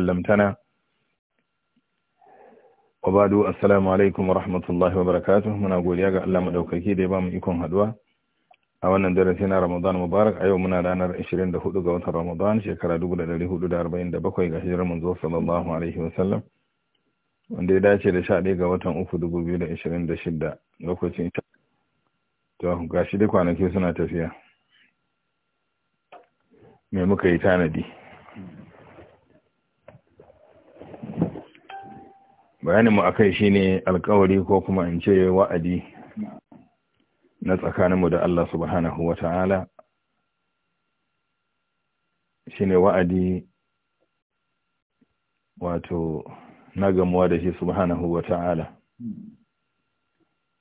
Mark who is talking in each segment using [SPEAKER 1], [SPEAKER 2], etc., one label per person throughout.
[SPEAKER 1] علمتنا وبعد السلام عليكم ورحمة الله وبركاته من أقول يا الله مدوكاكي دي بام يكون هدوى a wannan darasi na Ramadan Mubarak a yau muna ranar 24 ga watan Ramadan shekara 1447 ga hijirar manzo sallallahu alaihi wasallam wanda ya dace da 11 ga watan lokacin to gashi dai kwanaki suna tafiya me muka yi tanadi bayanin mu akai shine alƙawari ko kuma in ce wa'adi na tsakaninmu da Allah subhanahu wa ta'ala shine wa'adi wato na gamuwa da shi subhanahu wa ta'ala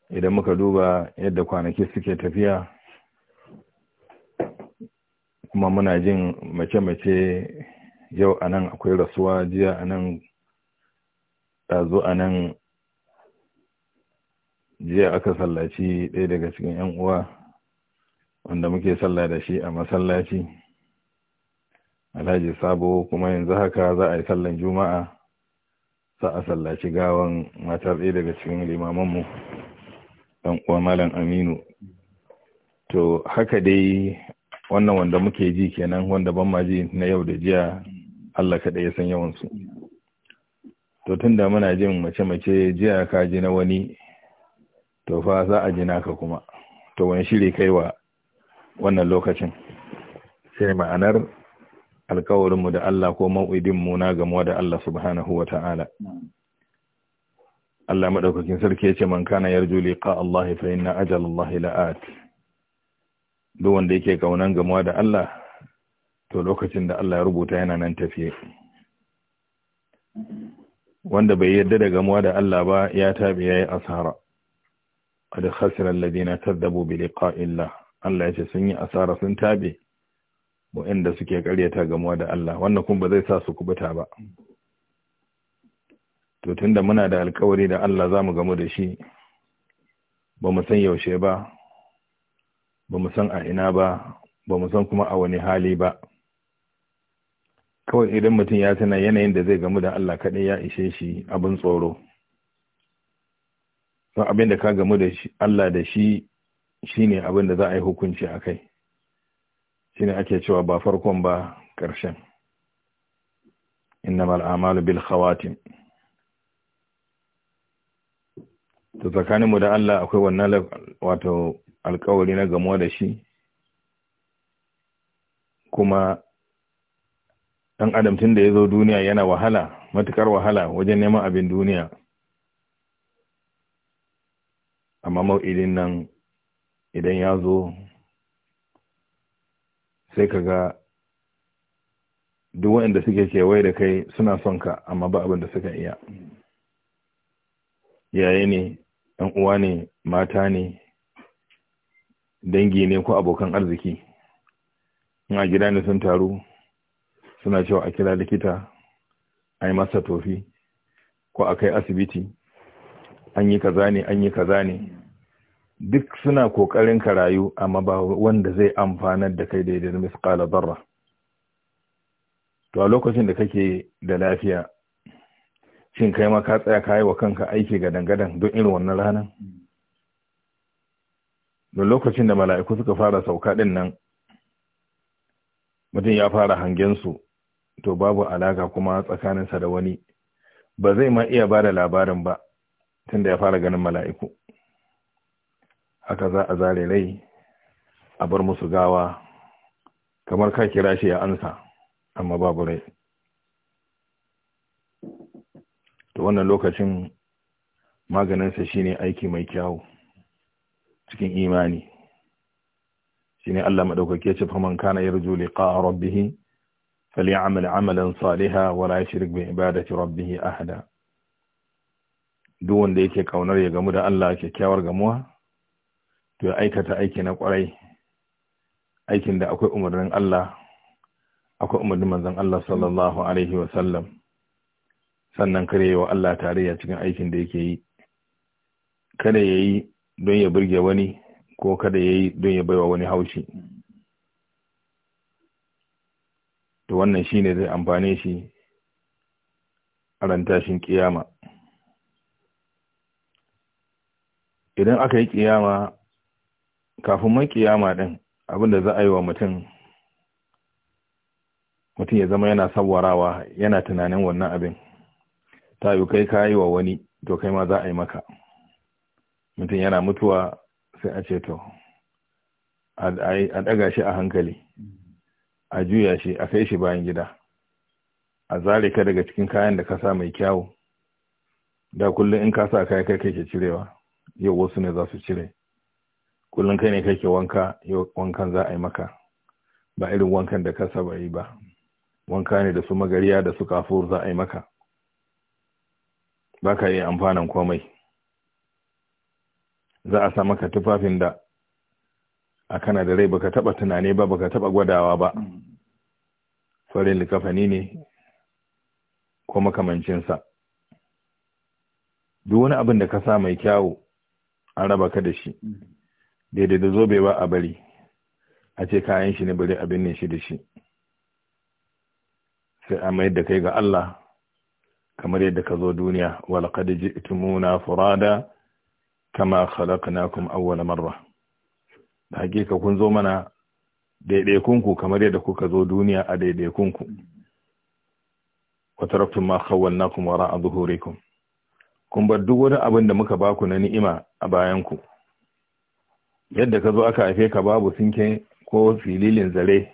[SPEAKER 1] idan muka duba yadda kwanaki suke tafiya kuma muna jin mace-mace yau anan akwai rasuwa jiya anan ɗazu a nan jiya aka sallaci ɗaya daga cikin 'yan uwa wanda muke sallah da shi a masallaci alhaji sabo kuma yanzu haka za a yi sallan juma'a za a sallaci gawan matar ɗaya daga cikin limamanmu ɗan uwa malam aminu to haka dai wannan wanda muke ji kenan wanda ban ma ji na yau da jiya allah kaɗai ya san yawansu to tun da muna jin mace-mace jiya ka ji na wani to fa za a ji naka kuma to wani shiri kai wa wannan lokacin sai ma'anar alkawarinmu da Allah ko mu na gamuwa da Allah subhanahu wa ta'ala Allah maɗaukakin sarki ya ce man kana yarju liqa Allah fa inna Allah la'at duk wanda yake kaunan gamuwa da Allah to lokacin da Allah ya rubuta yana nan tafiye wanda bai yarda da gamuwa da Allah ba ya tabi yayi asara qad Ladina alladhina kadzabu bi liqa'illah Allah ya ce sun yi asara sun tabe waɗanda suke karyata gamuwa da Allah wannan kuma ba zai sa su kubuta ba to tunda muna da alkawari da Allah zamu gamu da shi ba mu san yaushe ba ba mu san a ina ba ba mu san kuma a wani hali ba kawai idan mutum ya tana yanayin da zai gamu da Allah kaɗai ya ishe shi abin tsoro don abin da ka gamu da Allah da shi shi ne abin da za a yi hukunci a kai shi ne ake cewa ba farkon ba ƙarshen inna amalu bil khawatin to tsakaninmu da Allah akwai wannan wato alkawari na gamuwa da shi kuma dan adam tun da ya zo duniya yana wahala matukar wahala wajen neman abin duniya amma mau'idin nan idan ya zo sai ka ga duk waɗanda suke kewaye da kai suna son ka amma ba abin da suka iya yaye ne ɗan uwa ne mata ne dangi ne ko abokan arziki in gida ne sun taru suna cewa a kira likita a yi masa tofi ko a kai asibiti an yi kaza ne an yi kaza ne duk suna kokarin ka rayu amma ba wanda zai amfana da kai daidai da misqala barra to a lokacin da kake da lafiya shin kai ma ka tsaya kayi wa kanka aiki ga dangadan don irin wannan ranar da lokacin da mala'iku suka fara sauka din nan mutum ya fara hangen su to babu alaka kuma tsakaninsa da wani ba zai ma iya ba da labarin ba tunda ya fara ganin mala'iku haka za a zare rai a bar musu gawa kamar ka kira shi ya ansa amma babu rai to wannan lokacin maganinsa shine aiki mai kyau, cikin imani shine Allah madaukake ce man kana yarju liqa rabbih فليعمل عملا صالحا ولا يشرك بعبادة ربه أحدا دون ya gamu da allah الله gamuwa, to ya aikata aiki na kwarai aikin da akwai umarnin Allah akwai umarnin manzon Allah sallallahu alaihi wa sallam sannan kare yi wa Allah tarayya cikin aikin da yake yi kada yayi don ya burge wani ko kada yayi don ya baiwa wani haushi to wannan shi ne zai amfane shi a ran tashin kiyama idan aka yi kiyama kafin mai kiyama din abinda za a yi wa mutum mutum ya zama yana sawarawa yana tunanin wannan abin ta yi kai ka yi wa wani to kai ma za a yi maka mutum yana mutuwa sai a ce to a ɗaga shi a hankali a juya shi a kai shi bayan gida a zare ka daga cikin kayan da ka sa mai kyawu da kullum in ka sa kai kai kake cirewa yau wasu ne za su cire kullum kai ne kake wanka yau wankan za a yi maka ba irin wankan da ka saba yi ba wanka ne da su magariya da su kafur za a yi maka ba ka yi amfanan komai za a sa maka tufafin da a kana da rai baka taba tunani ba baka taba gwadawa ba farin likafani ne ko makamancinsa duk wani abin da ka sa mai kyawu an raba ka da shi daidai da zobe ba a bari a ce kayan shi ne bari abin ne shi da shi sai a mayar da kai ga Allah kamar yadda ka zo duniya walaqad ji'tumuna furada kama khalaqnakum awwal marra hakika kun zo mana daidaikunku kamar yadda kuka zo duniya a daidaikunku wa taraktum ma khawwalnakum wara adhurikum kun bar duk wani abin da muka baku na ni'ima a bayanku yadda ka zo aka haife ka babu sinke ko fililin zare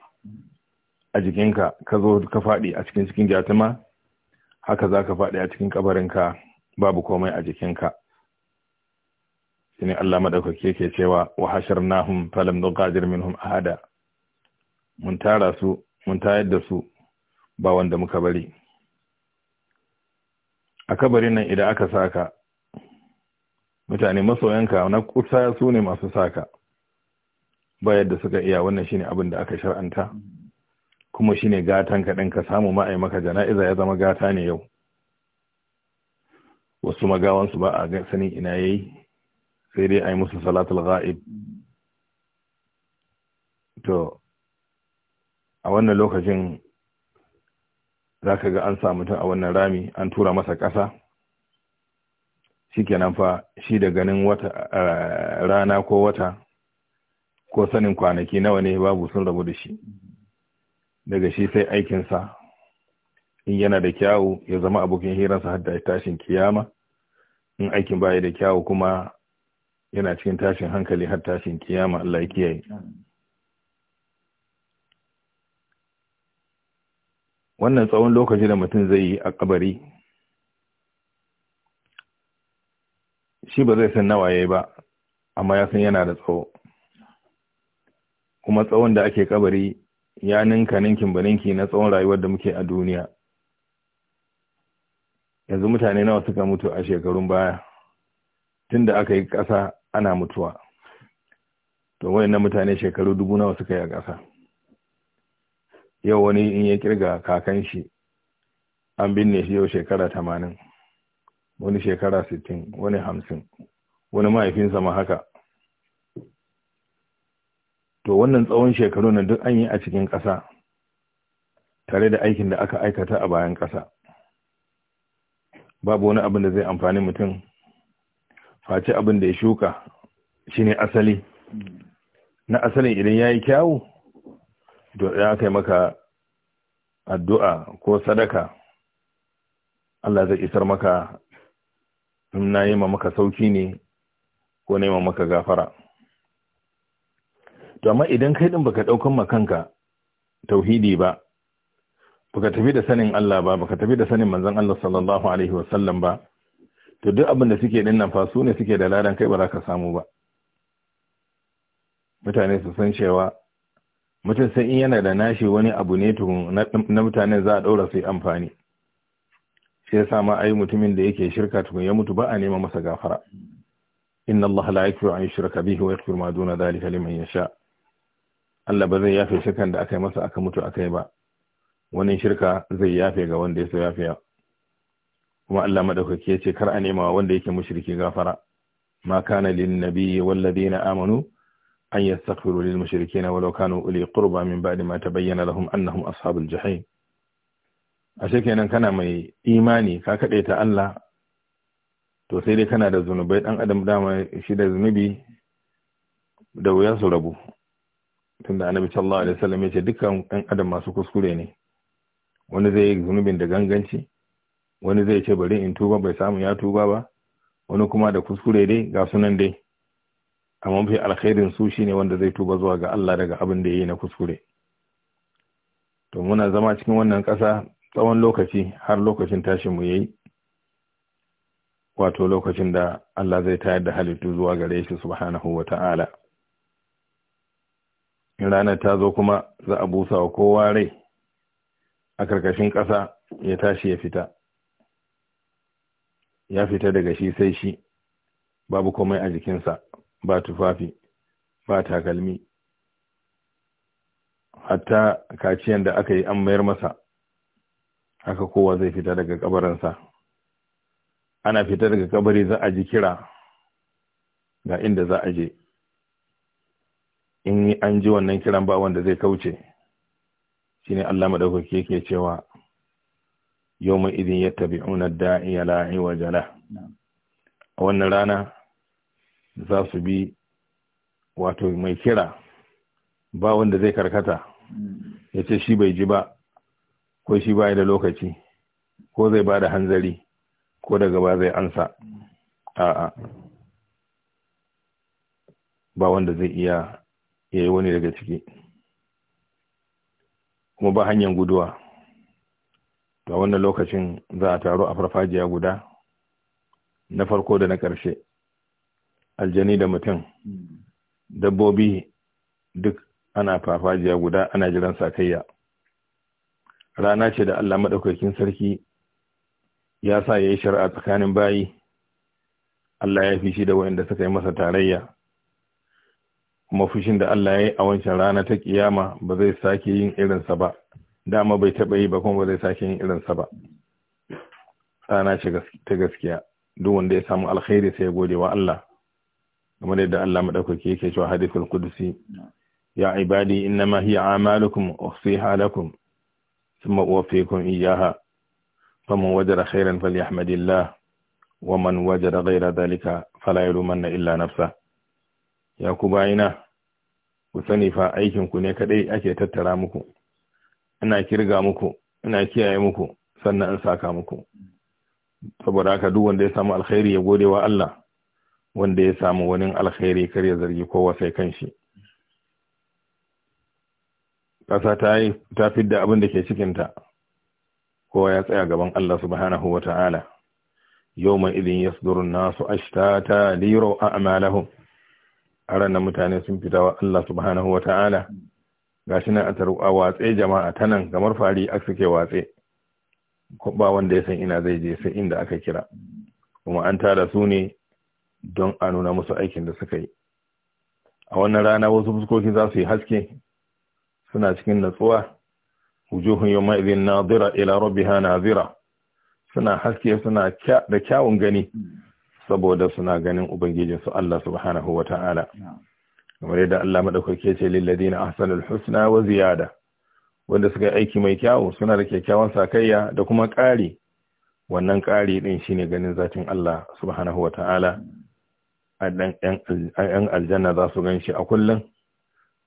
[SPEAKER 1] a jikinka ka zo ka faɗi a cikin cikin jatuma haka za ka faɗi a cikin kabarinka babu komai a jikinka shine Allah madaukake ke cewa wa hasharnahum falam nuqadir minhum ahada mun tara su mun tayar da su ba wanda muka bari a kabarin nan idan aka saka mutane masoyanka na kusa su ne masu saka ba yadda suka iya wannan shine abin da aka shar'anta kuma shine gatan ka ɗin ka samu ma'ai jana'iza ya zama gata ne yau wasu magawansu ba a sanin ina ya yi, sai dai a yi musu salatul ga'ib to a wannan lokacin za ka ga an sa mutum a wannan rami an tura masa ƙasa shikenan fa shi da ganin wata rana ko wata ko sanin kwanaki nawa ne babu sun rabu da shi daga shi sai aikinsa in yana da kyawu ya zama abokin hirarsa har da tashin kiyama in aikin baya da kyawu kuma yana cikin tashin hankali har tashin kiyama Allah ya kiyaye wannan tsawon lokaci da mutum zai yi a kabari shi ba zai san nawa yayi ba amma ya san yana da tsawo kuma tsawon da ake kabari ya ninka ninkin baninki na tsawon rayuwar da muke a duniya yanzu mutane nawa suka mutu a shekarun baya tun da aka yi ƙasa ana mutuwa to wayannan mutane shekaru dubu nawa suka yi a ƙasa yau wani in ya kirga kakan shi an binne shi yau shekara tamanin wani shekara sittin wani hamsin wani mahaifinsa ma haka to wannan tsawon shekaru na duk an yi a cikin ƙasa tare da aikin da aka aikata a bayan ƙasa babu wani abin da zai amfani mutum face abin da ya shuka Shi ne asali na asalin idan ya yi kyawu to ya kai maka addu'a ko sadaka Allah zai isar maka in na yi ma maka sauki ne ko na yi ma maka gafara to amma idan kai ɗin baka ɗaukan makanka tauhidi ba baka tafi da sanin Allah ba baka tafi da sanin manzan Allah sallallahu alaihi wasallam ba to duk abin da suke dinnan fa su ne suke da ladan kai ba za ka samu ba mutane su san cewa mutum sai in yana da nashi wani abu ne tukun na mutanen za a ɗaura sai amfani shi yasa ma ai mutumin da yake shirka tukun ya mutu ba a nema masa gafara inna Allah la yaghfiru an yushraka bihi wa yaghfiru ma duna dhalika liman yasha Allah ba zai yafe shirkan da aka yi masa aka mutu aka yi ba wani shirka zai yafe ga wanda ya so yafiya kuma Allah madaukaki ya ce kar a nema wanda yake mushriki gafara ma kana lin nabiyyi wal ladina amanu أن يستغفروا للمشركين ولو كانوا أولي قربى من بعد ما تبين لهم أنهم أصحاب الجحيم ashe kenan kana mai imani ka kaɗe ta Allah to sai dai kana da zunubai dan adam dama shi da zunubi da wuya su rabu tunda annabi sallallahu alaihi wasallam ya ce dukkan dan adam masu kuskure ne wani zai yi zunubin da ganganci wani zai ce bari in tuba bai samu ya tuba ba wani kuma da kuskure dai ga sunan dai amma mafi alkhairin su shine wanda zai tuba zuwa ga Allah daga abin da ya yi na kuskure to muna zama cikin wannan ƙasa tsawon lokaci har lokacin tashin mu yayi wato lokacin da Allah zai tayar da halittu zuwa gare shi subhanahu wata'ala in ranar ta zo kuma za a busa wa kowa rai a karkashin ƙasa ya tashi ya fita ya fita daga shi sai shi babu komai a jikinsa ba tufafi ba takalmi hatta kaciyan da aka yi an mayar masa haka kowa zai fita daga kabarinsa ana fita daga kabari za a ji kira ga inda za a je in an ji wannan kiran ba wanda zai kauce shine Allah maɗaukaki yake cewa 'Yau mai idin ya da'iya la'i wa jala a wannan rana za su bi wato mai kira ba wanda zai karkata ya ce shi bai ji ba ko shi ba da lokaci ko zai ba da hanzari ko daga ba zai ansa a'a ba wanda zai iya ya yi wani daga ciki kuma ba hanyar guduwa a wannan lokacin za a taru a farfajiya guda na farko da na ƙarshe aljani da mutum hmm. dabbobi duk ana fafajiya guda ana jiran sakayya rana ce da Allah maɗaukakin sarki ya sa ya yi shari'a tsakanin bayi Allah ya fi shi da waɗanda suka yi masa tarayya kuma fushin da Allah ya yi a wancan rana ta kiyama ba zai sake yin irinsa ba dama bai taɓa yi ba kuma ba zai sake yin irinsa ba rana ce ta gaskiya duk wanda ya samu alkhairi sai ya gode wa Allah kamar yadda Allah madaukake yake cewa hadithul qudsi ya ibadi innama hiya amalukum uhsiha lakum thumma uwaffikum iyyaha faman wajara khairan falyahmadillah waman wajara ghayra dhalika fala yalumanna illa nafsa ya ku bayina ku sani fa aikin ku ne kadai ake tattara muku ina kirga muku ina kiyaye muku sannan in saka muku saboda haka duk wanda ya samu alkhairi ya gode wa Allah wanda ya samu wani alkhairi kar ya zargi kowa sai shi. ƙasa ta yi ta fidda abin da ke cikinta kowa ya tsaya gaban Allah subhanahu wa ta'ala yau mai idin ya sudurun nasu ashtata liro a amalahun a mutane sun fita wa Allah subhanahu wa ta'ala ga shi a watse jama'a ta nan kamar fari a suke watse ba wanda ya san ina zai je sai inda aka kira kuma an tara su ne don a nuna musu aikin da suka yi a wannan rana wasu fuskoki za su yi haske suna cikin natsuwa wujuhun yawma idhin Nazira ila rabbiha nazira suna haske suna da kyawun gani saboda suna ganin ubangijin su Allah subhanahu ta'ala). kamar yadda Allah madaukake ce lil na ahsanul husna wa ziyada wanda suka aiki mai kyawu suna da kyakkyawan sakayya da kuma ƙari wannan ƙari din shine ganin zatin Allah subhanahu wata'ala ‘yan aljanna za su gan shi a kullum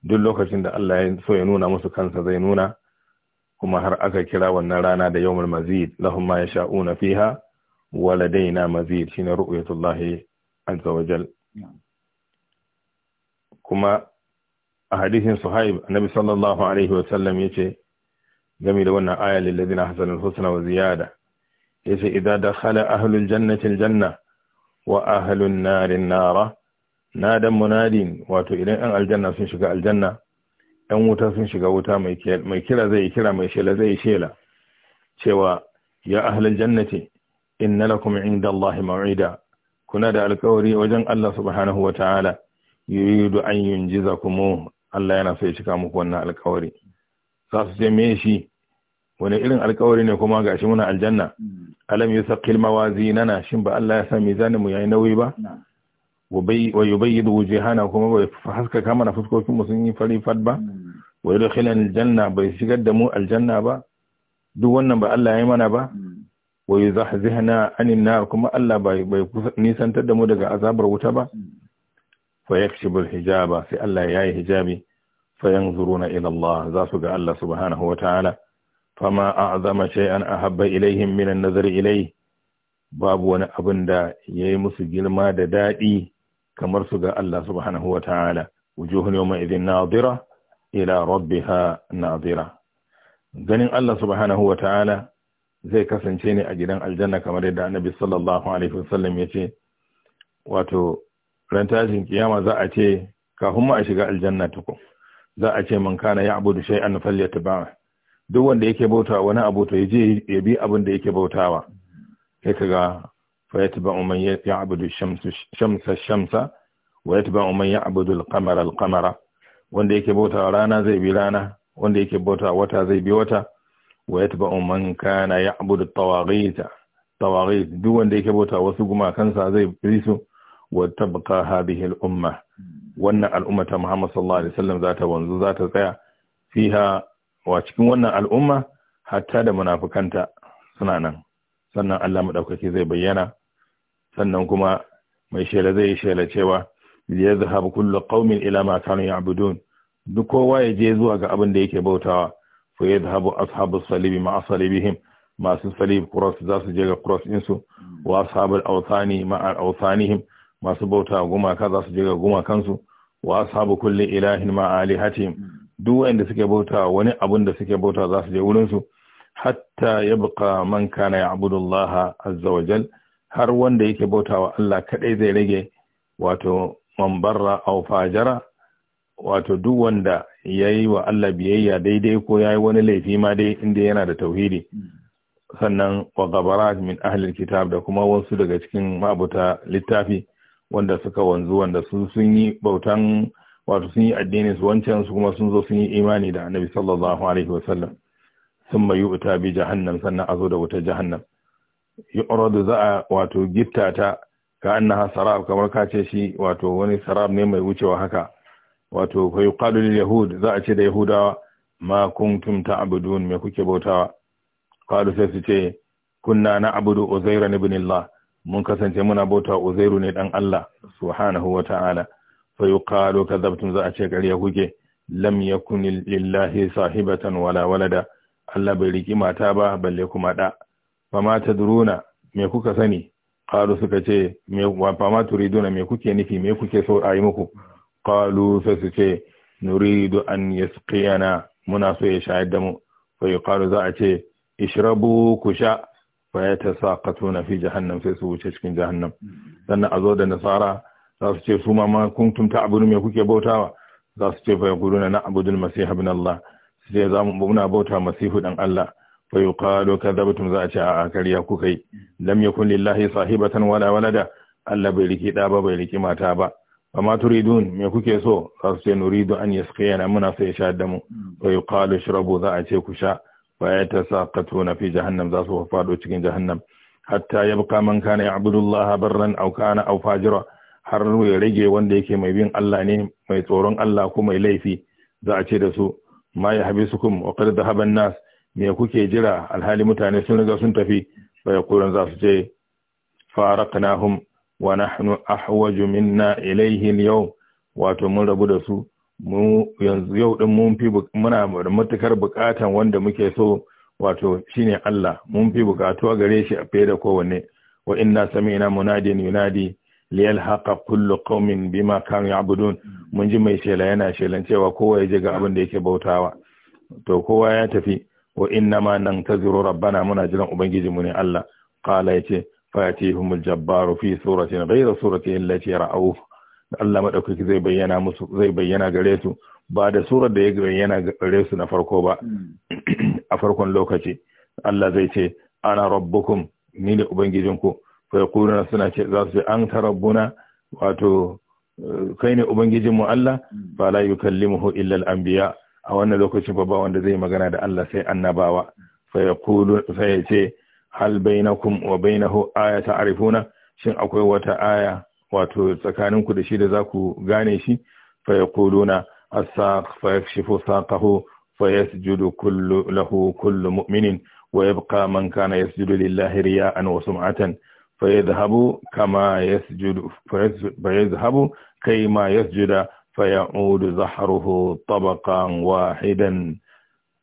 [SPEAKER 1] duk lokacin da Allah ya so ya nuna musu kansa zai nuna kuma har aka kira wannan rana da yawmul mazid lahum ma yasha'una fiha wa ladaina mazid shine ru'yatullahi azza wa kuma a hadisin suhaib annabi sallallahu alaihi wa sallam ce. game da wannan aya lil ladina hasanul husna wa ziyada yace idza dakhala ahlul jannati al janna wa ahlun narin nara nadan munadin wato idan yan aljanna sun shiga aljanna yan wuta sun shiga wuta mai kira zai kira mai shela zai shela cewa ya ahlul jannati inna lakum indallahi maw'ida kuna da alƙawari, wajen Allah subhanahu wa ta'ala yuridu an yunjizakum Allah yana so ya cika muku wannan alƙawari. za su ce me shi wani irin alkawari ne kuma ga shi muna aljanna mm. alam yusaqqil mawazinana shin ba Allah ya sa mizanin mu yi nauyi ba wa yubayyidu hana kuma bai haskaka mana fuskokin mu sun yi fari fat ba mm. wa yudkhilana aljanna bai shigar da mu aljanna ba duk wannan ba Allah ya yi mana ba mm. wa yuzahzihna anin nar kuma Allah bai nisantar da mu daga azabar wuta ba fa yakshibul hijaba sai Allah ya yi hijabi fa yanzuruna ila Allah za su ga Allah subhanahu wa ta'ala fama a a'zama shay'an a ilaihim min an nazari ilai, babu wani abin da ya yi musu girma da daɗi kamar su ga Allah subhanahu wata'ala wujuhun yawma idhin nadira ila rabbiha nadira ganin Allah subhanahu wata'ala zai kasance ne a gidan aljanna kamar yadda annabi sallallahu alaihi wasallam ya ce wato ran kiyama za a ce kafin mu a shiga aljanna tukun za a ce man kana na shay'an ba. duk wanda yake bautawa wani abu to yaje ya bi abin da yake bautawa sai kaga fa yatba'u man ya'budu shamsa shamsa wa yatba'u man ya'budu al-qamara al-qamara wanda yake bautawa rana zai bi rana wanda yake bautawa wata zai bi wata wa yatba'u man kana ya'budu at-tawaghita tawaghit duk wanda yake bautawa wasu gumakansa zai bi su wa tabqa hadhihi al-umma wannan al'umma ta Muhammad sallallahu alaihi wasallam za ta wanzu za ta tsaya fiha wa cikin wannan al'umma hatta da munafukanta suna nan sannan Allah madaukaki zai bayyana sannan kuma mai shela zai shela cewa liyazhab kullu qaumin ila ma kanu ya'budun duk kowa ya je zuwa ga abin da yake bautawa fa yadhhabu ashabu Salibi ma asalibihim masu salib cross za su je ga cross din su wa ashabul awthani ma awthanihim masu bauta gumaka za su je ga gumakansu wa ashabu kulli ilahin ma alihatihim duk wanda suke bauta wani abun da suke bauta za su je su hatta ya man kana ya abudullah azza wa jal har wanda yake bautawa Allah kadai zai rage wato mambarra au fajara wato duk wanda yayi wa Allah biyayya daidai ko yayi wani laifi ma dai inda yana da tauhidi sannan wa gabara min ahlil kitab da kuma wasu daga cikin mabuta littafi wanda suka wanzu wanda su sun yi bautan wato sun yi addinin su wancan su kuma sun zo sun yi imani da annabi sallallahu alaihi wasallam sun mai yu'ta bi jahannam sannan azo da wuta jahannam yu'radu za wato gitta ta ka annaha sarab kamar ka ce shi wato wani sarab ne mai wucewa haka wato fa yuqalu lil yahud za a ce da yahudawa ma kuntum ta'budun me kuke bautawa qalu sai su ce kunna na'budu uzairan ibn allah mun kasance muna bauta uzairu ne dan allah subhanahu wa fa yuqalu kadhabtum za a ce ƙarya kuke lam yakun lillahi sahibatan wala walada Allah bai riki mata ba balle kuma ɗa. fa ma duruna, me kuka sani Ƙalu suka ce me fa turi turiduna me kuke nufi me kuke so a yi muku Ƙalu sai su ce nuridu an yasqiyana muna so ya shayar da mu fa yuqalu za a ce ishrabu kusha fa yatasaqatuna fi jahannam sai su wuce cikin jahannam sannan a zo da nasara za su ce su ma kun tumta ta'budu me kuke bautawa za su ce fa yaquluna na'budul masih ibn Allah su ce za mu muna bauta masihu dan Allah fa yuqalu kadhabtum za a ce a kariya kuka yi lam yakun lillahi sahibatan wala walada Allah bai riki da ba bai riki mata ba wa ma turidun me kuke so za su ce nuridu an yasqiyana muna so ya sha da mu fa yuqalu shrabu za a ce ku sha wa yatasaqatuna fi jahannam za su fado cikin jahannam hatta yabqa man kana ya'budu Allah barran aw kana aw fajira har ya rage wanda yake mai bin Allah ne mai tsoron Allah ko mai laifi za a ce da su ma ya habi sukum wa da haban nas me kuke jira alhali mutane sun riga sun tafi ya yaqulan za su ce faraknahum wa nahnu ahwaju minna ilayhi al-yawm wato mun rabu da su mu yanzu yau din mun fi muna da matukar bukatan wanda muke so wato shine Allah mun fi bukatuwa gare shi a fiye da kowanne wa inna sami'na munadin yunadi liyalhaqa kullu qaumin bima kanu ya'budun hmm. mun ji mai shela yana shelan cewa kowa ya je ga abin da yake bautawa to kowa ya tafi wa inna ma nantaziru rabbana muna jiran ubangiji mu ne Allah qala yace fatihumul jabbaru fi suratin ghayra surati allati ra'aw Allah madaukaki zai bayyana musu zai bayyana gare su ba da surar da ya bayyana gare su na farko ba
[SPEAKER 2] hmm.
[SPEAKER 1] a farkon lokaci Allah zai ce ana rabbukum ni da ubangijinku fa suna ce za su an tarabbuna wato kai ne ubangijin mu Allah kalli la yukallimuhu illa al-anbiya a wannan lokacin ba wanda zai magana da Allah sai annabawa sai yaqulu fa yace hal bainakum wa bainahu aya ta'rifuna shin akwai wata aya wato tsakaninku da shi da za ku gane shi fa yaquluna as-saq fa yakshifu saqahu fa yasjudu kullu lahu kullu mu'minin wa yabqa man kana yasjudu lillahi riya'an wa sum'atan فيذهبوا كما يسجد فيذهبوا كيما يسجد فيعود زحره طبقا واحدا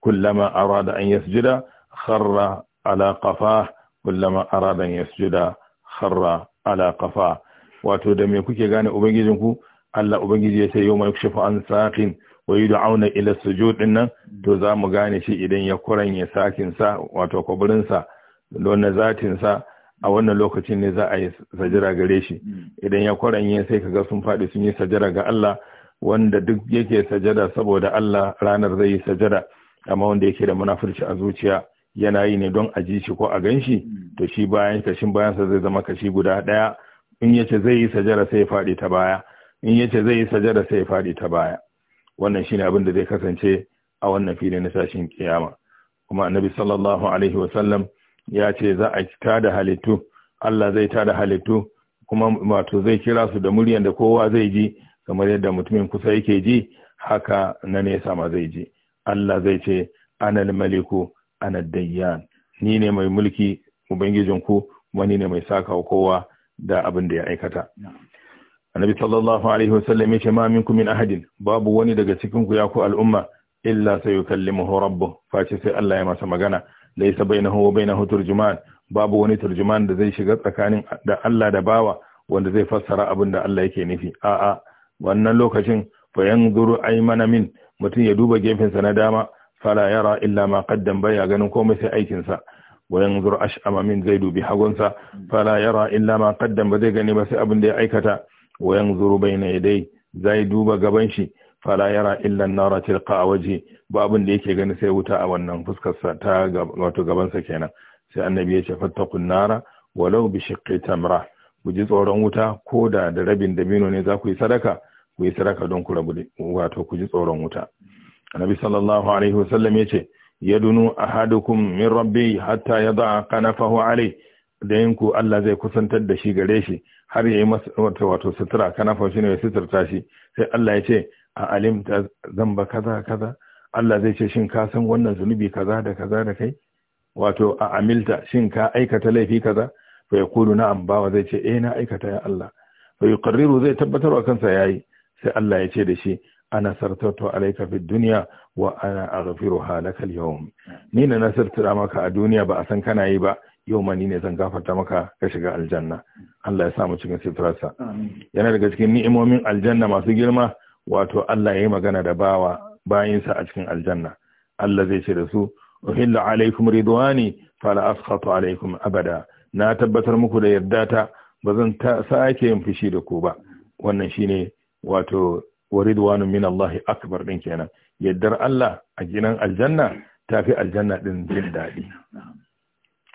[SPEAKER 1] كلما أراد أن يسجد خر على قفاه كلما أراد أن يسجد خر على قفاه واتو دم يكوكي غاني ألا أبنجيزي يوم يكشف عن ساقين ويدعون إلى السجود إنا دوزام غاني شي إذن يساكن سا واتو سا لون ذاتن سا a wannan lokacin ne za a yi sajira gare shi hmm. idan ya kwaranye sai kaga sun faɗi sun yi sajira ga Allah wanda duk yake sajada saboda Allah ranar zai yi sajada amma wanda yake da munafurci a zuciya yana yi ne don a ji shi ko a gan shi hmm. to shi bayan kashin bayansa zai zama kashi guda ɗaya in yace zai yi sajara sai ya faɗi ta baya in yace zai yi sajada sai ya faɗi ta baya wannan shine abin da zai kasance a wannan filin na sashin kiyama kuma annabi sallallahu alaihi wasallam ya ce za a tada halittu Allah zai tada halittu kuma wato zai kira su da muryan da kowa zai ji kamar yadda mutumin kusa yake ji haka na nesa ma zai ji Allah zai ce anal maliku anad dayyan ni ne mai mulki ubangijin ku wani ne mai saka kowa da abin da ya aikata annabi sallallahu alaihi wasallam ya ce ma minkum min ahadin babu wani daga cikin ku ya ku al'umma illa sayukallimuhu rabbuh face sai Allah ya masa magana laysa bainahu wa bainahu turjuman babu wani turjuman da zai shiga tsakanin da Allah da bawa wanda zai fassara abin da Allah yake nufi a'a wannan lokacin fa yanzuru aymana min mutum ya duba gefensa na dama fala yara illa ma qaddam baya ganin komai sai aikinsa wa yanzuru ash'ama min zai dubi hagunsa fala yara illa ma qaddam ba zai gani ba sai abin da ya aikata wa yanzuru bayna yadai zai duba gaban shi fala yara illan nara tilqa a waje ba abin da yake gani sai wuta a wannan fuskarsa ta wato gabansa kenan sai annabi ya ce fattakun nara walau bi shiqqi tamra ku ji tsoron wuta ko da da rabin dabino ne za ku yi sadaka ku yi sadaka don ku rabu wato ku ji tsoron wuta annabi sallallahu alaihi wasallam ya ce yadunu ahadukum min rabbi hatta yada'a qanafahu alayhi da ku Allah zai kusantar da shi gare shi har yayi masa wato sutura kanafa shi ne ya suturta shi sai Allah ya ce a alimta zamba kaza kaza Allah zai ce shin ka san wannan zunubi kaza da kaza da kai wato a amilta shin ka aikata laifi kaza fa yaqulu na'am bawa zai ce eh na aikata ya Allah fa yuqarriru zai tabbatar wa kansa yayi sai Allah ya ce da shi ana sartautu alayka fid dunya wa ana aghfiruha laka al-yawm ni na nasarta maka a duniya ba a san kana yi ba yau ma ni ne zan gafarta maka ka shiga aljanna Allah ya sa mu cikin sitrarsa yana daga cikin ni'imomin aljanna masu girma wato Allah ya yi magana da bawa bayinsa a cikin aljanna Allah zai ce da su uhilla alaikum ridwani fala asqatu alaikum abada na tabbatar muku da yarda ta bazan ta sake yin fushi da ku ba wannan shine wato wa min Allah akbar din kenan yaddar Allah a gidan aljanna tafi aljanna din jin dadi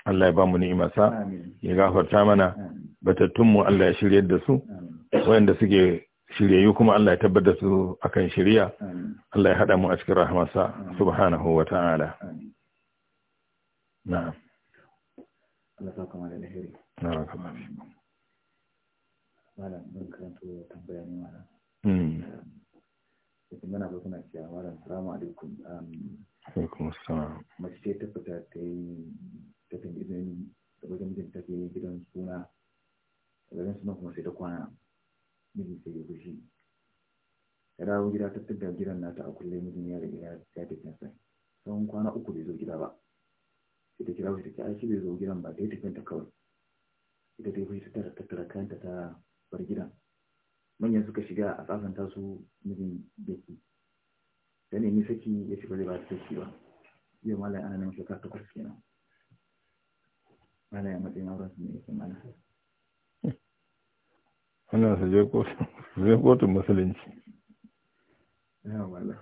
[SPEAKER 1] Allah ya ba mu sa ya gafarta mana batattun mu Allah ya shiryar da su wayanda suke shiryayyu kuma Allah ya tabbatar su akan shiriya Allah ya hada mu a cikin rahmarsa subhanahu wa ta'ala na'am
[SPEAKER 2] Allah da malam mun karanto tambaya ne malam ba hmm. eh, cewa malam alaikum alaikum assalam mace ta fita ta yi da wajen mijin ta gidan suna suna sai ta kwana mijinta ya gushi ya dawo gida ta tudda gidan nata a kulle mijin ya riga ya tafi kansa tsawon kwana uku bai zo gida ba sai ta kira wata ta aiki bai zo gidan ba ta yi ta kawai ita dai ta tara tattara kayanta ta bar gidan manyan suka shiga a tsafin su mijin yaki ta nemi saki ya shiga ba zai ba ta saki ba Jiya malaya ana nan shekara takwas kenan malaya matsayin auren su ne ya yake malaya
[SPEAKER 1] ana su je kotun musulunci ya wala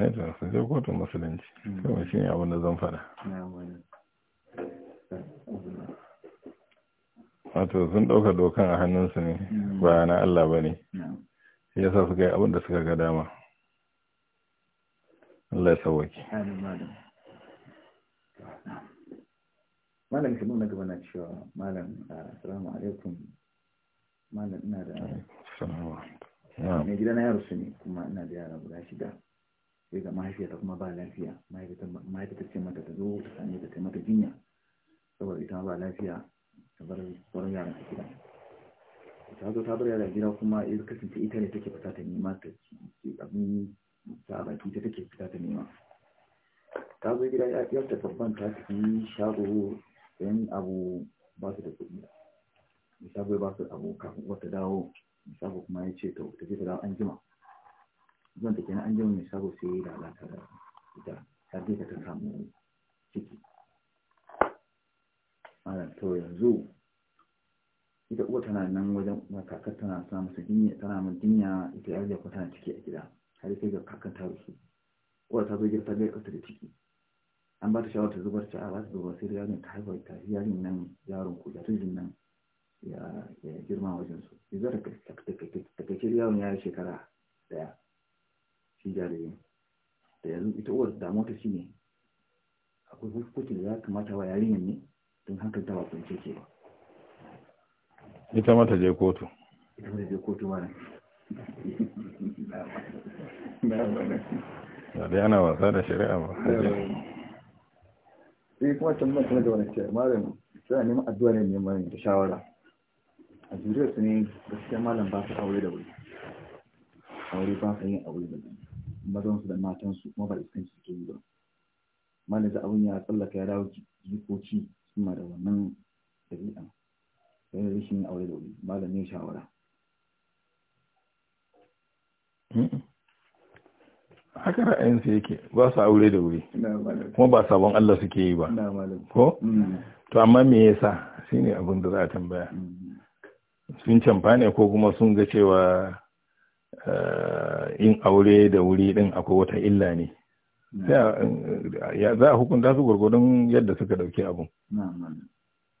[SPEAKER 1] eh su je kotun musulunci kuma hmm. shi ne abin da zan fada wato sun ɗauka dokan a hannunsu ne hmm. ba na Allah ba ne ya sa su kai abin da suka ga dama Allah ya sauwaki
[SPEAKER 2] malam shi na gaba na cewa malam ah, assalamu alaikum malam ina da mai gida na yaro su ne kuma ina da yara guda shida sai ga mahaifiya ta kuma ba lafiya mahaifiyata ce mata ta zo ta same ta taimata jinya saboda ita ba lafiya ta bar sauran yaran ta gida ta zo ta bar yara gida kuma ya kasance ita ne take fita ta nema ta ce abin ta baki ta take fita ta nema ta zo gida ya ta babban ta tafi shago sayan abu ba su da kuɗi misali ba su abu kafin wata dawo misali kuma ya ce to tafi ta dawo an jima zuwan ta kenan an jima misali sai ya lalata da ita har dai ta samu ciki ana to yanzu ita uwa tana nan wajen kakar tana sa musu jinya tana min jinya ita yarinya kuma tana ciki a gida har sai ga kakar ta rusu uwa ta zo gida ta ga da ciki an ba ta shawar ta zubar ta a ba ta zubar sai yarin ta haifar ta yarin nan yaron ku jaririn nan ya girma wajen su yanzu da takaicin yaron ya yi shekara daya shi jaririn da yanzu ita uwar da mota shi ne akwai hukuncin da ya kamata wa yarinyar ne don hankali ta ba ce ke ba
[SPEAKER 1] ita mata je kotu ita mata je kotu ba da dai ana wasa da shari'a ba
[SPEAKER 2] sai eh, kuma tambayar kuma da wani ce malam suna neman addu'a ne neman da shawara a zuriyar su ne gaskiya malam ba su aure da wuri aure ba su yin aure da wuri mazan su da matan su kuma ba da iskanci suke yi ba malam da abun ya tsallaka ya dawo jikoci suna da wannan ɗabi'a sai rashin aure da wuri malam ne shawara haka
[SPEAKER 1] su yake ba su aure da wuri kuma ba sabon Allah suke yi ba ko mm. to amma me yasa shine abin da za a tambaya mm. sun canfa ne ko kuma sun ga cewa eh, yin aure da wuri din akwai wata illa ne mm. za a hukunta su gwargwadon yadda suka dauki abun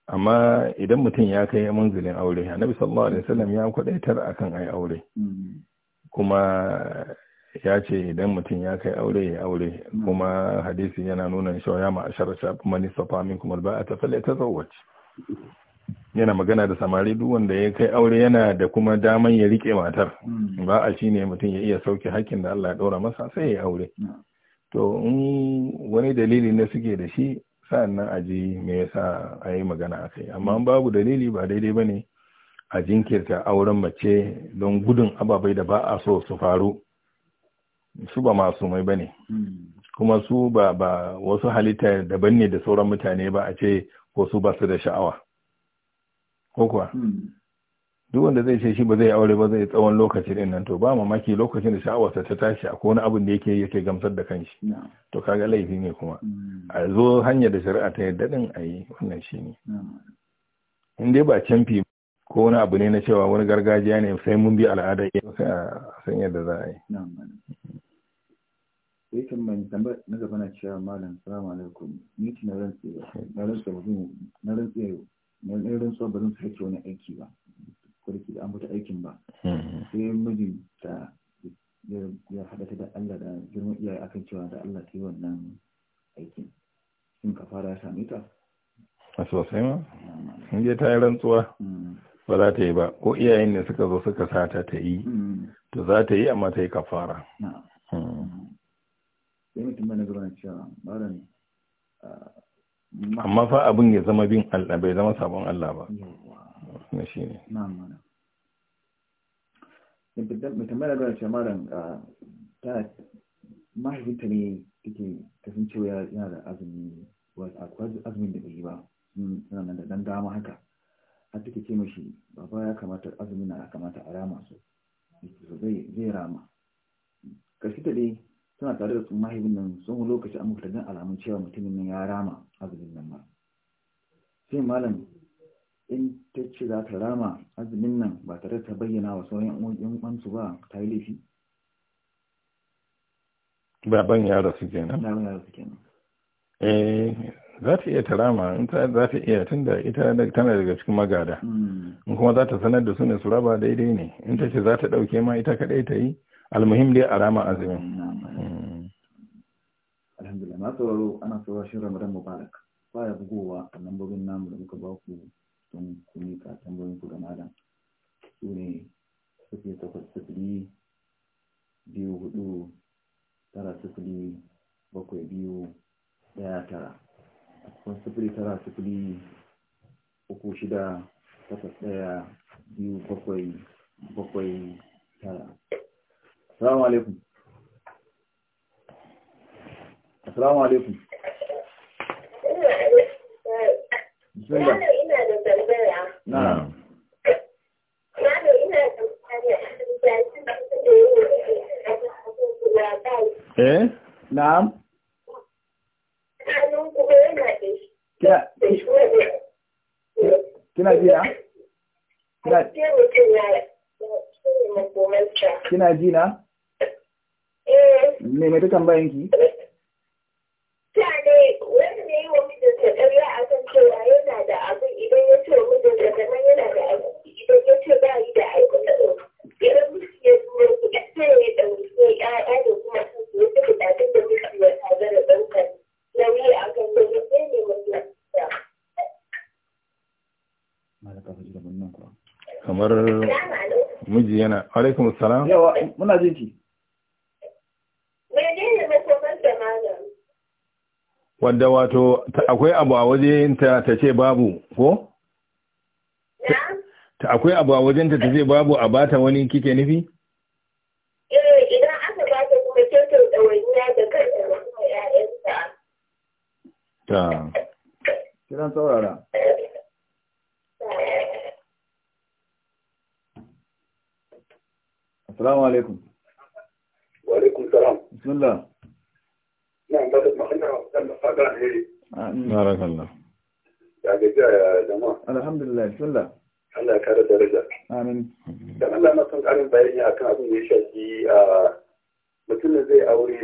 [SPEAKER 1] amma idan mutum ya kai manzilin aure annabi sallallahu alaihi wasallam ya kwadaitar akan ai aure kuma ya ce idan mutum ya kai aure ya aure kuma hadisi yana nuna cewa ya ma'ashar mani safa min kuma ba a tafale ta zawace yana magana da samari duk wanda ya kai aure yana da kuma daman ya rike matar mm. ba a ne mutum ya iya sauke hakkin da Allah ya ɗora masa sai ya aure mm. to in wani dalili na suke da shi sa'annan a ji me yasa a yi magana a kai amma babu dalili ba daidai ba ne a jinkirta auren mace don gudun ababai da ba a so su faru su ba mai ba ne hmm. kuma su ba ba wasu halitta daban ne da sauran mutane ba a ce ko su ba su da sha'awa ko kuwa hmm. duk wanda zai ce shi ba zai aure ba zai tsawon lokaci din nan to ba mamaki lokacin da sha'awarsa ta tashi a wani abin da yake yake gamsar da kanshi to kaga laifi ne kuma hmm. a zo hanyar da shari'a ta yadda din a yi wannan shi ne in dai ba canfi ko wani abu ne na cewa wani gargajiya ne sai mun bi al'ada sai a san yadda za a yi
[SPEAKER 2] sai eh, tambayin tambayar na gaba na cewa malam salamu alaikum ni ci na rantsewa na rantsewa na rantsewa na rantsewa ba zan sake wani aiki ba ko da ke da an mutu aikin ba mm-hmm. sai mijin ta ya haɗa ta da Allah da girman iyaye akan cewa da Allah ta yi wannan aikin sun ka fara same ta
[SPEAKER 1] a sosai ma in je ta yi rantsuwa mm. ba za ta yi ba ko iyayen ne suka zo suka sata ta yi mm. to za ta yi amma ta yi kafara na'am
[SPEAKER 2] sai mutum mana zuwa cewa maran. amma
[SPEAKER 1] fa abin ya zama bin Allah bai zama sabon Allah ba na shi ne
[SPEAKER 2] mutum mana zuwa cewa malam ta mahaifinta ne take kasancewa yana da azumi azumin da bai yi ba suna nan da dan dama haka har take ce mashi baba ya kamata azumin na kamata a rama su zai rama kashi ta dai suna tare da su mahaifin nan sun lokaci an muka gan alamun cewa mutumin nan ya rama azumin nan ba sai malam in ta ce za ta rama azumin nan ba tare ta bayyana wa sauran yan uwansu ba ta yi laifi
[SPEAKER 1] baban ya rasu kenan baban yara su kenan eh za ta iya tarama in ta za ta iya tunda ita tana daga cikin magada hmm. in kuma za ta sanar da su ne su raba daidai ne in ta ce za ta dauke ma ita kadai ta yi almuhim dai a rama azumin
[SPEAKER 2] alhamdulillah na sauraro ana sauraro shi ramadan mubarak baya bugowa a lambobin namu da muka baku don kuni ka tambayoyin ku ga malam su ne suke takwas sifili biyu hudu tara sifili bakwai biyu daya tara akwai sifili tara sifili uku shida takwas daya biyu bakwai bakwai tara Assalamu alaikum. Assalamu alaikum. Bismillah.
[SPEAKER 3] ina da tambaya. Na'am. ina da
[SPEAKER 2] Eh? Na'am. Kina Kina biya? kina ji na? eh me mai tambayan ki?
[SPEAKER 1] alaikum salam yawa eh, muna jin ki wadda wato akwai abu a wajenta ta ce babu ko? ta akwai abu a wajenta ta ce babu a bata wani kike nufi?
[SPEAKER 3] Eh, idan aka kuma kyautar da da kuma
[SPEAKER 1] ta
[SPEAKER 2] kiran saurara alhamdulillah bismillah
[SPEAKER 1] Allah ka da daraja amin dan Allah na son karin bayani akan abin da ya shafi a mutum da zai aure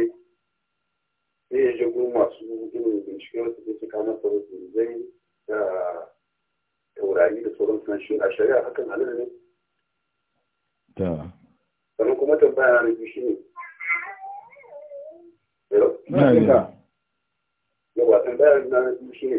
[SPEAKER 1] zai ya shigo masu irin bincike wasu da suka masa wasu
[SPEAKER 2] zai da taurari da sauran sunan shi a shari'a hakan halin ne sannan kuma tambaya na biyu shi
[SPEAKER 1] ne yawa tambaya na biyu shi ne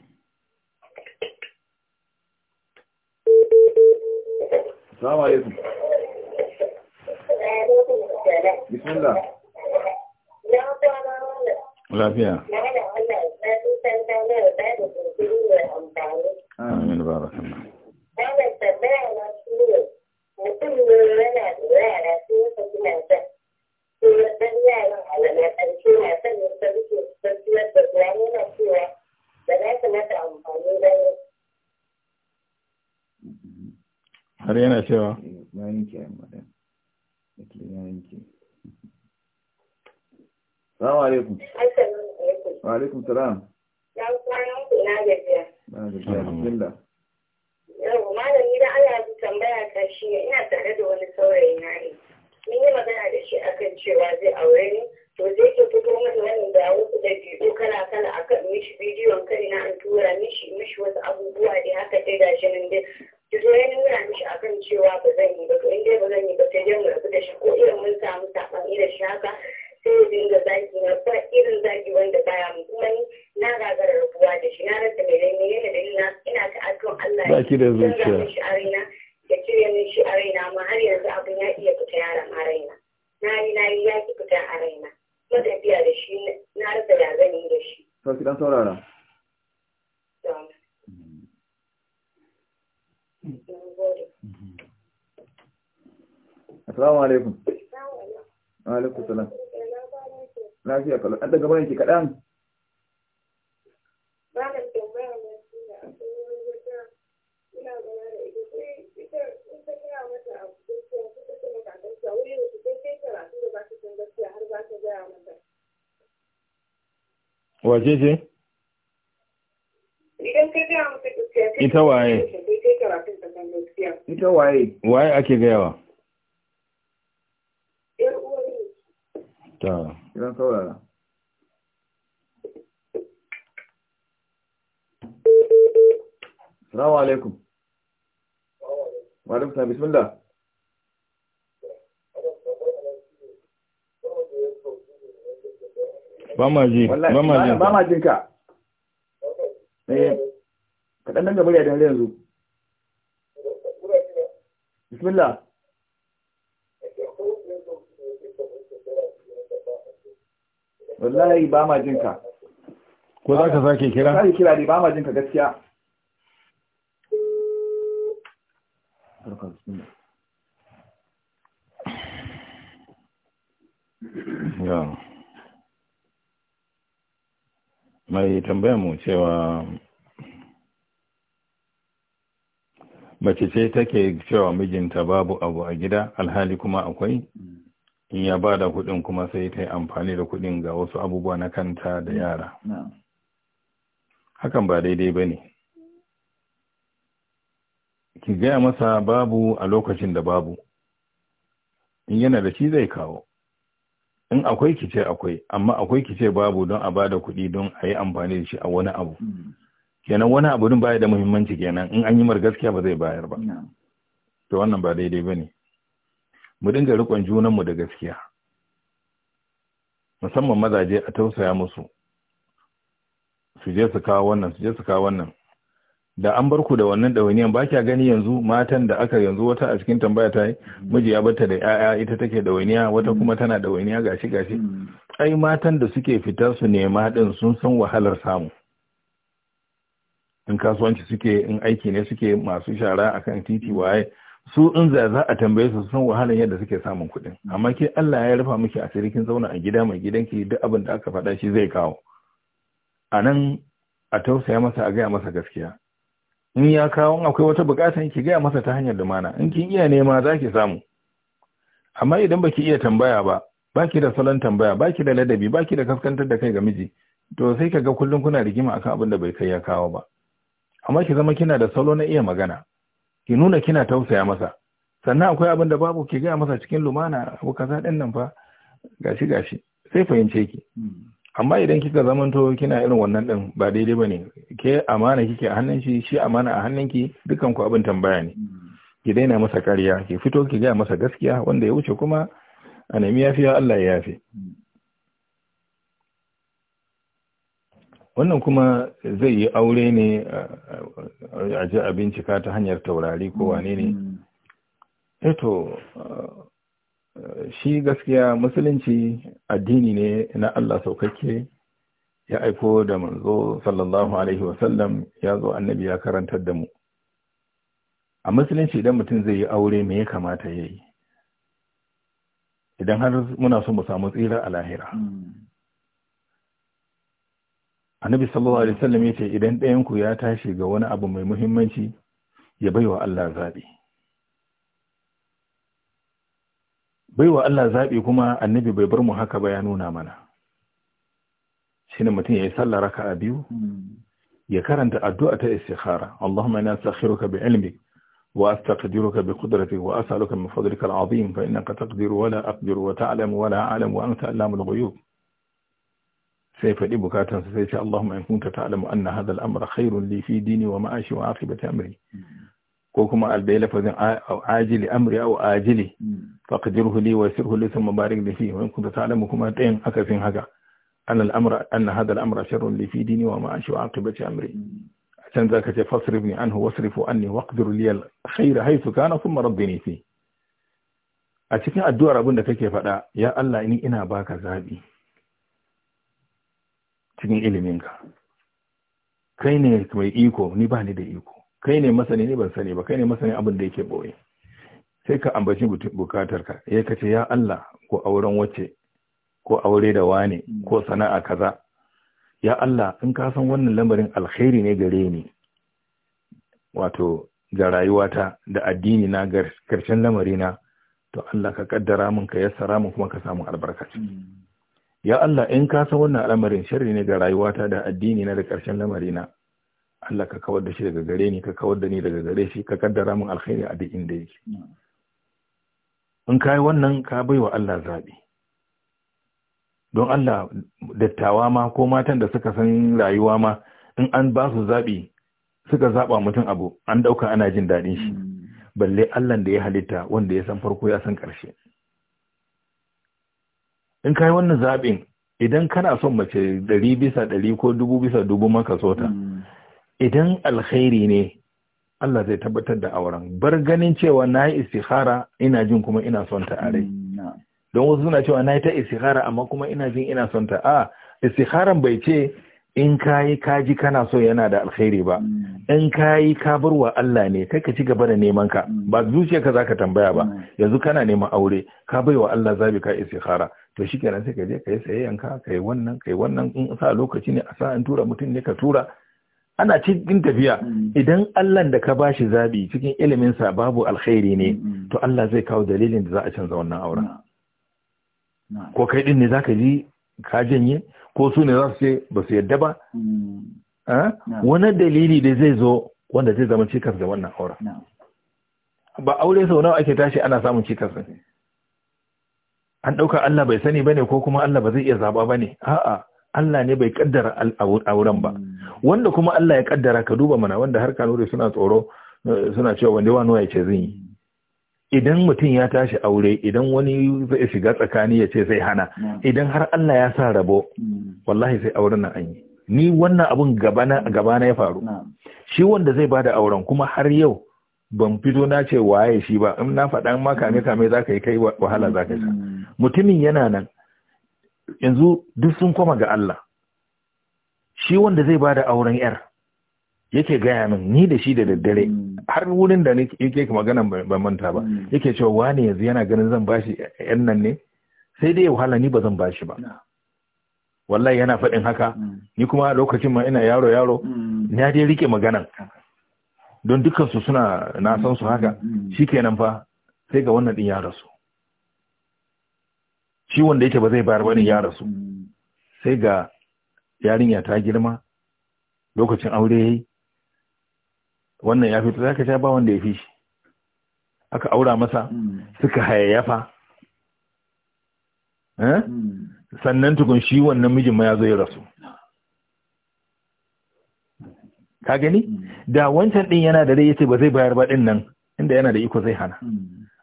[SPEAKER 2] salamu alaikum bismillah
[SPEAKER 3] lafiya amin barakallah Thank you.
[SPEAKER 2] har yana cewa na yanke a madan ake na yanke salamu alaikum wa alaikum salam
[SPEAKER 3] ya kwanan ku na gajiya
[SPEAKER 2] na gajiya bismillah
[SPEAKER 3] yau malam idan ana tambaya da zuciya ya cire min shi a raina amma har yanzu abin ya iya fita yaran a raina na yi na yi ya ki fita a raina tafiya da shi na rasa da zan da shi
[SPEAKER 2] asalamu ki dan saurara Assalamu alaikum. Wa alaikum salam. Lafiya kalau an daga bayan ki kaɗan.
[SPEAKER 1] wace ce?
[SPEAKER 3] Idan ita waye ita
[SPEAKER 1] waye waye ake gayawa ta
[SPEAKER 2] idan saurara
[SPEAKER 1] salamu alaikum wa alaikum bismillah
[SPEAKER 2] ba ma ji ba ma ji ba ma jin ka eh ka dan daga murya dan yanzu bismillah wallahi ba ma jin ka ko za ka sake kira? Za ka kira ne ba ma jinka gaskiya.
[SPEAKER 1] Yeah. mai tambayar mu cewa mace ce take cewa mijinta babu abu a gida alhali kuma akwai in ya ba da kuɗin kuma sai ta yi amfani da kuɗin ga wasu abubuwa na kanta da yara hakan ba daidai ba ne ki gaya masa babu a lokacin da babu in yana da shi zai kawo in akwai kice akwai amma akwai kice babu don a ba da kuɗi don a yi amfani da shi a wani abu kenan wani abu din baya da muhimmanci kenan in an yi mar gaskiya ba zai bayar ba to wannan ba daidai bane mu dinga rikon junan mu da gaskiya musamman mazaje a tausaya musu su je su kawo wannan su je su kawo wannan da an bar ku da wannan ɗawainiyar ba kya gani yanzu matan da aka yanzu wata a cikin tambaya ta yi miji ya bata da 'ya'ya ita take ɗawainiya wata mm. kuma tana ɗawainiya gashi gashi mm. ai matan da suke fita su nema ɗin sun san wahalar samu in kasuwanci suke in aiki ne suke masu shara akan titi mm. waye su in za za a tambaye su san wahalar yadda suke samun kuɗin amma ke Allah ya rufa miki asiri kin zauna a gida mai gidanki duk abin da aka faɗa shi zai kawo anan a tausaya masa a gaya masa gaskiya in ya kawo akwai wata bukatan ki gaya masa ta hanyar lumana in kin iya nema za ki samu amma idan baki iya tambaya ba baki da salon tambaya baki da ladabi baki da kaskantar da kai ga miji to sai ka ga kullum kuna rigima akan abin da bai kai ya kawo ba amma ki zama kina da salo na iya magana ki nuna kina tausaya masa sannan akwai abin da babu ki gaya masa cikin lumana abu kaza din nan fa gashi gashi sai fahimce ki hmm. amma idan kika zamanto kina irin wannan din ba daidai ne. ke amana kike a hannun shi shi amana a hannun ki dukan ku abin tambaya ne hmm. ki daina masa ƙarya ki fito ki gaya masa gaskiya wanda ya wuce kuma a nemi yafiya Allah ya yafi wannan kuma zai yi aure ne a ji a bincika ta hanyar taurari ko wane ne hmm. eto eh shi gaskiya musulunci addini ne na Allah Saukake, ya aiko da manzo sallallahu alaihi wasallam ya zo annabi ya karantar da mu a musulunci idan mutum zai yi aure me ya kamata ya yi idan har muna so mu samu tsira a lahira annabi sallallahu alaihi wasallam ya ce idan ɗayanku ya tashi ga wani abu mai muhimmanci ya baiwa Allah zaɓi baiwa Allah zaɓi kuma annabi bai bar mu haka ba ya nuna mana shine mutum ya yi sallah raka'a biyu ya karanta addu'a ta istikhara Allahumma inna nastakhiruka bi ilmi wa astaqdiruka bi qudrati wa as'aluka min fadlika al-azim fa innaka taqdiru wa la aqdiru wa ta'lamu wa la a'lamu wa anta al ghuyub sai fadi bukatansa sai ce Allahumma in kunta ta'lamu anna hadha al-amra khairun li fi dini wa ma'ashi wa aqibati amri ko kuma albay lafazin ajili amri au ajili hmm. faqdirhu li wa sirhu li thumma barik li fi wa in kunta ta'lamu kuma tayin akasin haka an al'amra an hadha al'amra sharrun li fi dini wa ma'ashi wa aqibati amri hmm. can zaka ce ni anhu wasrifu anni waqdir li al-khayra haythu kana thumma rabbini fihi a cikin addu'ar abin da kake faɗa ya Allah ni ina baka zabi cikin iliminka kai ne mai iko ni ba ni da iko kai ne masani ne ban sani ba kai ne masani abin da yake boye sai ka ambaci bukatar ka ya kace ya Allah ko auren wace ko aure da wane ko sana'a kaza ya Allah in ka san wannan lamarin alkhairi ne gare ni wato ga rayuwata da addini na karshen lamari na to Allah ka kaddara min ka yassara min kuma ka samu albarka hmm. ya Allah in ka san wannan lamarin sharri ne ga rayuwata da addini na da karshen lamari na Allah ka kawar da shi daga gare ni ka kawar da ni daga gare shi ka kaddara min alkhairi a duk inda yake in ka yi wannan ka baiwa Allah zaɓi don Allah dattawa ma ko matan da suka san rayuwa ma in an ba su zaɓi suka zaɓa mutum abu an ɗauka ana jin daɗin shi hmm. balle Allah da ya halitta wanda ya san farko ya san ƙarshe in ka yi wannan zaɓin idan kana son mace ɗari bisa ɗari ko dubu bisa dubu maka sota hmm. idan alkhairi ne Allah zai tabbatar da auren bar ganin cewa na yi istikhara ina jin kuma ina son ta are. Mm, don wasu suna cewa na yi ta istikhara amma kuma ina jin ina son ta a istikharan bai ce in kayi kaji kana so yana da alkhairi ba mm. in kayi ka bar Allah ne kai ka ci gaba da neman ka mm. ba zuciyarka zaka tambaya ba yanzu kana neman aure ka bai wa Allah zabi ka istikhara to shikenan sai ka je ka yi sayayyan ka kai wannan kai wannan in sa lokaci ne a sa an tura mutum ne ka tura ana cikin tafiya mm. idan Allah da ka bashi zabi cikin ilimin sa babu alkhairi ne mm, mm. to Allah zai kawo dalilin da za a canza wannan auren ko kai din ne zaka ji ka janye ko su ne za su ce ba su yadda ba wani dalili da zai zo wanda zai zama cikas ga wannan auren ba aure sau nawa ake tashi ana samun cikas an ɗauka Allah bai sani ne, ko kuma Allah ba zai iya zaba bane a'a Allah ne bai kaddara auren ba hmm. wanda kuma Allah ya kaddara ka duba mana wanda har kanuri suna tsoro eh, suna cewa wanda wano ya ce zan yi idan mutum ya tashi aure idan wani zai shiga tsakani ya ce zai hana hmm. idan har Allah ya sa rabo hmm. wallahi sai auren na an yi ni wannan abun gabana na ya faru shi wanda zai bada auren kuma har yau ban fito na ce waye shi ba in na faɗan ma kame kame za ka yi kai wahala za ka sa. mutumin yana nan yanzu duk sun koma ga Allah shi wanda zai bada auren yar yake gaya min ni da shi da daddare hmm. har wurin da yake magana ban manta ba hmm. yake cewa wani yanzu yana ganin zan bashi yan nan ne sai dai wahala ni ba zan bashi ba hmm. wallahi yana faɗin haka ni kuma lokacin ma ina yaro yaro na dai rike maganan don dukansu suna na san su haka kenan fa sai ga wannan din ya rasu shi wanda yake ba zai bayar bane ya rasu sai ga yarinya ta girma lokacin aure yayi wannan ya fito zaka sha ba wanda ya fi shi aka aura masa hmm. suka hayayyafa eh? hmm. sannan tukun shi wannan mijin ma ya zo ya rasu ka gani hmm. da wancan din yana da rai yace ba zai bayar ba din nan inda yana da iko zai hana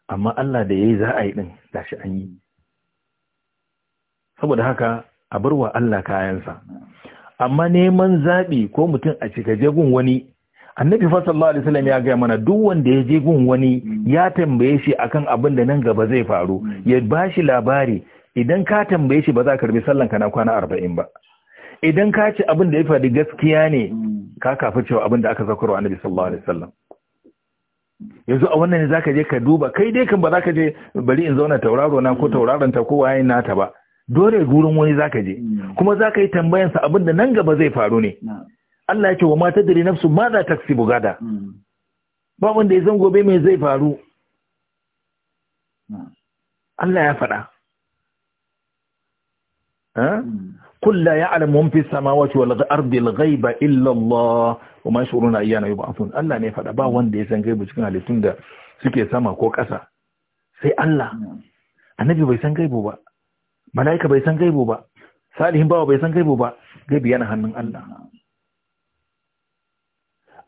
[SPEAKER 1] amma Allah da yayi za a yi din shi an yi saboda haka a barwa Allah kayansa amma neman zaɓi ko mutum a cika jegun wani annabi fa sallallahu alaihi wasallam ya gaya mana duk wanda ya je gun wani ya tambaye shi akan abin da nan gaba zai faru ya ba shi labari idan ka tambaye shi ba za ka karbi sallan ka na kwana arba'in ba idan ka ci abin da ya faɗi gaskiya ne ka kafa cewa abin da aka zakarwa annabi sallallahu alaihi wasallam yanzu a wannan ne zaka je ka duba kai dai kan ba zaka je bari in zauna tauraro na ko tauraron ta ko waye nata ba dole gurin wani zaka je hmm. kuma zaka yi tambayan sa abinda nan gaba zai faru ne Allah yake wa ma tadri nafsu ma za taksibu bugada. Hmm. ba wanda ya san gobe me zai faru Allah ya faɗa قل لا يعلم من illallah. Wa ma الغيب الا الله وما يشعرون ايانا يبعثون Allah ne faɗa ba hmm. wanda ya san gaibu cikin halittun da suke sama ko ƙasa sai Allah annabi bai san gaibu ba mala'ika bai san gaibo ba salihin bawa bai san gaibo ba gaibi yana hannun Allah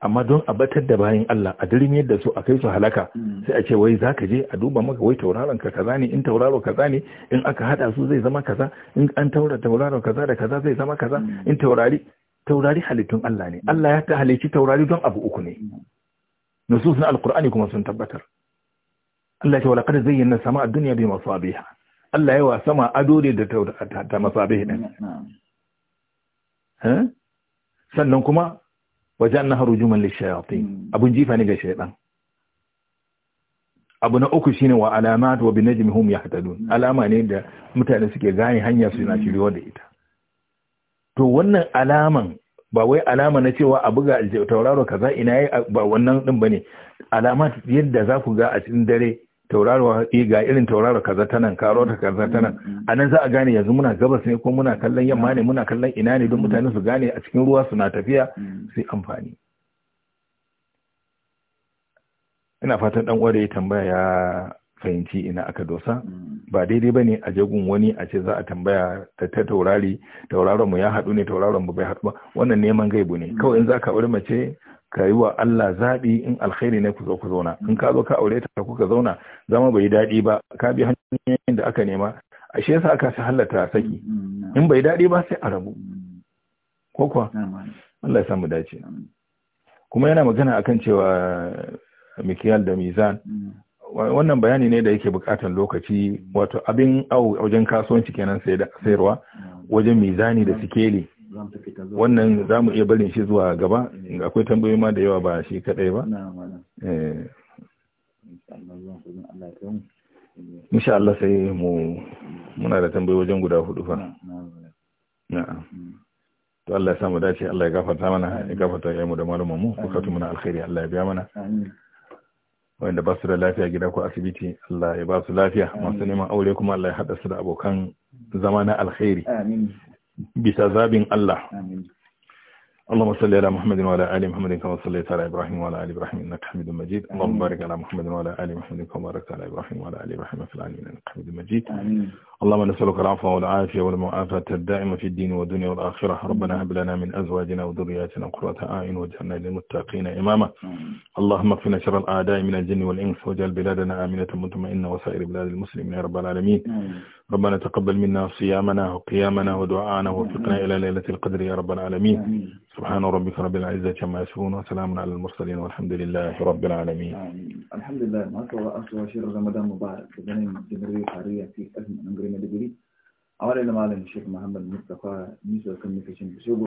[SPEAKER 1] amma don a batar da bayan Allah a dirin yadda su a kai su halaka hmm. sai a ce wai za ka je a duba maka wai tauraron ka kaza ne in tauraro kaza ne in aka hada su zai zama kaza in an taura tauraro kaza da kaza zai zama kaza hmm. in taurari taurari halittun Allah ne hmm. Allah ya ta halici taurari don abu uku ne nusus na alqur'ani kuma sun tabbatar Allah ya ce wa laqad zayyana sama'a ad-dunya bi masabiha Allah yawa sama ado ne da ta masabihi ne. sannan kuma wajen na haru juman lishayafi hmm. abun jifa ne ga shaidan abu na uku shine wa alama da wa haɗa yahtadun hmm. alama ne da mutane suke gane hanya su na hmm. shirya da ita to wannan alaman ba wai alama na cewa a buga tauraro kaza ina yi ba wannan din ne. Alama yadda za ku ga a cikin dare tauraro eh, ga irin tauraro kaza ta nan karo ta kaza ta nan mm-hmm. anan za a gane yanzu muna gabas ne ko muna kallon yamma ne muna kallon ina ne don mutane su gane a cikin ruwa suna tafiya mm-hmm. sai amfani ina fatan dan uwar ya tambaya ya fahimci ina aka dosa mm-hmm. ba daidai bane a jagun wani a ce za a tambaya ta ta taurari tauraron mu ya haɗu ne tauraron mu bai haɗu ba wannan neman gaibu ne kawai in za ka mace ka yi wa Allah zaɓi in alkhairi ne ku zo ku zauna in ka zo ka aure ta kuka zauna zama bai daɗi ba ka bi hanyoyin da aka nema ashe yasa aka sa halatta saki mm-hmm. in bai daɗi ba sai a rabu mm-hmm. ko kuwa Allah ya samu dace kuma yana magana akan cewa mikiyal da mizan mm-hmm. wannan bayani ne da yake bukatan lokaci wato abin au wajen kasuwanci kenan sayarwa wajen mizani da sikeli
[SPEAKER 2] wannan za
[SPEAKER 1] mu iya barin shi zuwa gaba akwai tambayoyi ma da yawa ba shi kadai ba eh. insha Allah sai mu muna da tambayoyi wajen guda hudu fa na'am mm. to Allah ya samu dace Allah ya gafarta mana ya gafarta ga mu da malaman mu bukatu muna alkhairi Allah ya biya mana wanda ba su da lafiya gida ko asibiti Allah ya ba su lafiya masu neman aure kuma Allah ya hada su da abokan zama na alkhairi bisa zabin Allah اللهم صل على محمد وعلى ال محمد كما صليت على ابراهيم وعلى ال ابراهيم انك حميد مجيد اللهم بارك على محمد وعلى ال محمد كما باركت على ابراهيم وعلى ال ابراهيم في العالمين انك حميد مجيد امين اللهم نسالك العفو والعافيه والمعافاه الدائمه في الدين والدنيا والاخره ربنا هب لنا من ازواجنا وذرياتنا قرة اعين واجعلنا للمتقين اماما اللهم اغفر شر الاعداء من الجن والانس واجعل بلادنا امنه مطمئنه وسائر بلاد المسلمين يا رب العالمين آمين. ربنا تقبل منا صيامنا وقيامنا ودعاءنا ووفقنا إلى ليلة القدر يا رب العالمين سبحان ربك رب العزة كما يصفون وسلام على المرسلين والحمد لله رب العالمين الحمد لله ما شاء الله شهر رمضان مبارك بجانب جمهورية
[SPEAKER 2] حرية في أزمة أنجرينا دبري أولا لما علم الشيخ محمد مصطفى نيسو كميكيشن بشوبه